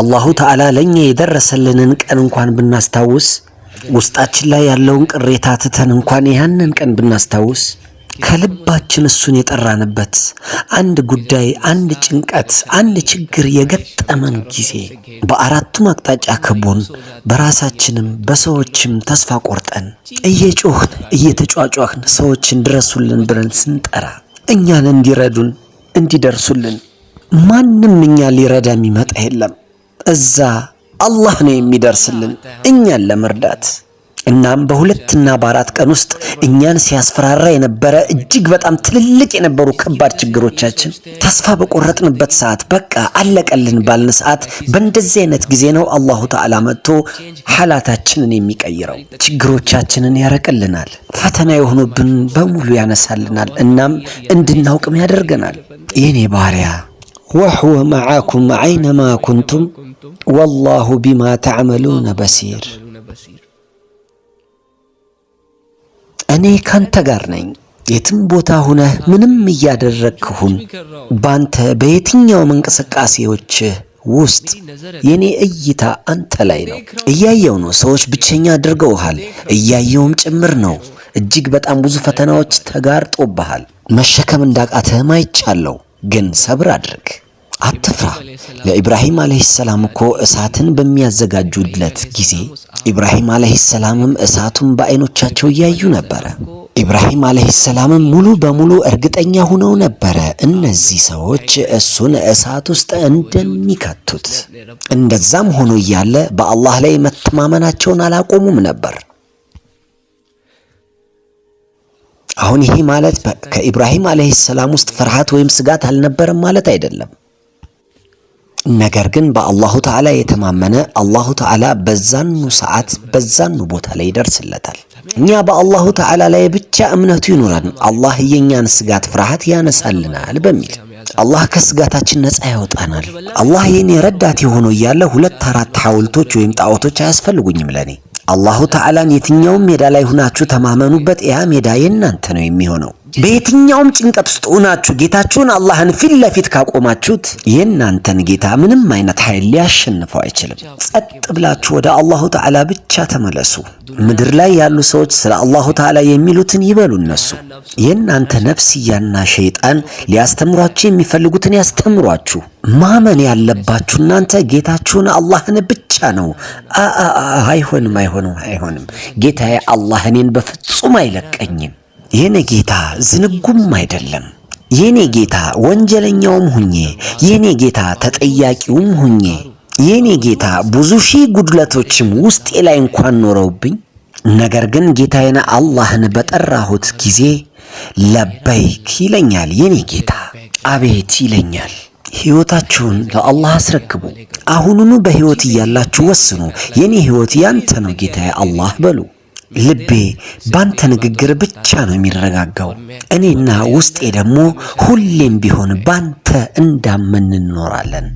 አላሁ ተዓላ ለእኛ የደረሰልንን ቀን እንኳን ብናስታውስ ውስጣችን ላይ ያለውን ቅሬታ ትተን እንኳን ያንን ቀን ብናስታውስ ከልባችን እሱን የጠራንበት አንድ ጉዳይ፣ አንድ ጭንቀት፣ አንድ ችግር የገጠመን ጊዜ በአራቱም አቅጣጫ ከቦን በራሳችንም በሰዎችም ተስፋ ቆርጠን እየጮህን እየተጫጫህን ሰዎችን ድረሱልን ብለን ስንጠራ እኛን እንዲረዱን እንዲደርሱልን ማንም እኛ ሊረዳ የሚመጣ የለም። እዛ አላህ ነው የሚደርስልን እኛን ለመርዳት። እናም በሁለትና በአራት ቀን ውስጥ እኛን ሲያስፈራራ የነበረ እጅግ በጣም ትልልቅ የነበሩ ከባድ ችግሮቻችን ተስፋ በቆረጥንበት ሰዓት፣ በቃ አለቀልን ባልን ሰዓት በእንደዚህ አይነት ጊዜ ነው አላሁ ተዓላ መጥቶ ሐላታችንን የሚቀይረው። ችግሮቻችንን ያረቅልናል፣ ፈተና የሆኑብን በሙሉ ያነሳልናል። እናም እንድናውቅም ያደርገናል። የኔ ባሪያ ወሕወ መዓኩም አይነማ ኩንቱም ወላሁ ቢማ ተዕመሉነ በሲር። እኔ ካንተ ጋር ነኝ። የትም ቦታ ሁነህ ምንም እያደረግክሁን ባንተ በየትኛውም እንቅስቃሴዎች ውስጥ የኔ እይታ አንተ ላይ ነው። እያየው ነው። ሰዎች ብቸኛ አድርገውሃል። እያየውም ጭምር ነው። እጅግ በጣም ብዙ ፈተናዎች ተጋርጦብሃል። መሸከም እንዳቃተህም አይቻለሁ። ግን ሰብር አድርግ። አትፍራ። ለኢብራሂም አለይሂ ሰላም እኮ እሳትን በሚያዘጋጁለት ጊዜ ኢብራሂም አለይሂ ሰላምም እሳቱን በአይኖቻቸው እያዩ ነበረ። ኢብራሂም አለይሂ ሰላምም ሙሉ በሙሉ እርግጠኛ ሆነው ነበረ እነዚህ ሰዎች እሱን እሳት ውስጥ እንደሚከቱት። እንደዛም ሆኖ እያለ በአላህ ላይ መተማመናቸውን አላቆሙም ነበር። አሁን ይሄ ማለት ከኢብራሂም አለይሂ ሰላም ውስጥ ፍርሃት ወይም ስጋት አልነበረም ማለት አይደለም። ነገር ግን በአላሁ ተዓላ የተማመነ አላሁ ተዓላ በዛኑ ሰዓት በዛኑ ቦታ ላይ ይደርስለታል። እኛ በአላሁ ተዓላ ላይ ብቻ እምነቱ ይኖራል። አላህ የእኛን ስጋት ፍርሃት ያነሳልናል በሚል አላህ ከስጋታችን ነፃ ያወጣናል። አላህ የኔ ረዳት የሆነው እያለ ሁለት አራት ሐውልቶች ወይም ጣዖቶች አያስፈልጉኝም ለኔ። አላሁ ተዓላን የትኛውም ሜዳ ላይ ሁናችሁ ተማመኑበት፣ ያ ሜዳ የእናንተ ነው የሚሆነው በየትኛውም ጭንቀት ውስጥ ሆናችሁ ጌታችሁን አላህን ፊት ለፊት ካቆማችሁት የእናንተን ጌታ ምንም አይነት ኃይል ሊያሸንፈው አይችልም። ጸጥ ብላችሁ ወደ አላሁ ተዓላ ብቻ ተመለሱ። ምድር ላይ ያሉ ሰዎች ስለ አላሁ ተዓላ የሚሉትን ይበሉ እነሱ። የእናንተ ነፍስያና ሸይጣን ሊያስተምሯችሁ የሚፈልጉትን ያስተምሯችሁ። ማመን ያለባችሁ እናንተ ጌታችሁን አላህን ብቻ ነው። አይሆንም፣ አይሆንም፣ አይሆንም ጌታዬ አላህ እኔን በፍጹም አይለቀኝም የኔ ጌታ ዝንጉም አይደለም። የኔ ጌታ ወንጀለኛውም ሁኜ የኔ ጌታ ተጠያቂውም ሁኜ የኔ ጌታ ብዙ ሺህ ጉድለቶችም ውስጤ ላይ እንኳን ኖረውብኝ ነገር ግን ጌታዬን አላህን በጠራሁት ጊዜ ለበይክ ይለኛል። የኔ ጌታ አቤት ይለኛል። ሕይወታችሁን ለአላህ አስረክቡ። አሁኑኑ በሕይወት እያላችሁ ወስኑ። የኔ ሕይወት ያንተ ነው ጌታዬ አላህ በሉ። ልቤ ባንተ ንግግር ብቻ ነው የሚረጋጋው። እኔና ውስጤ ደግሞ ሁሌም ቢሆን ባንተ እንዳመን እንኖራለን።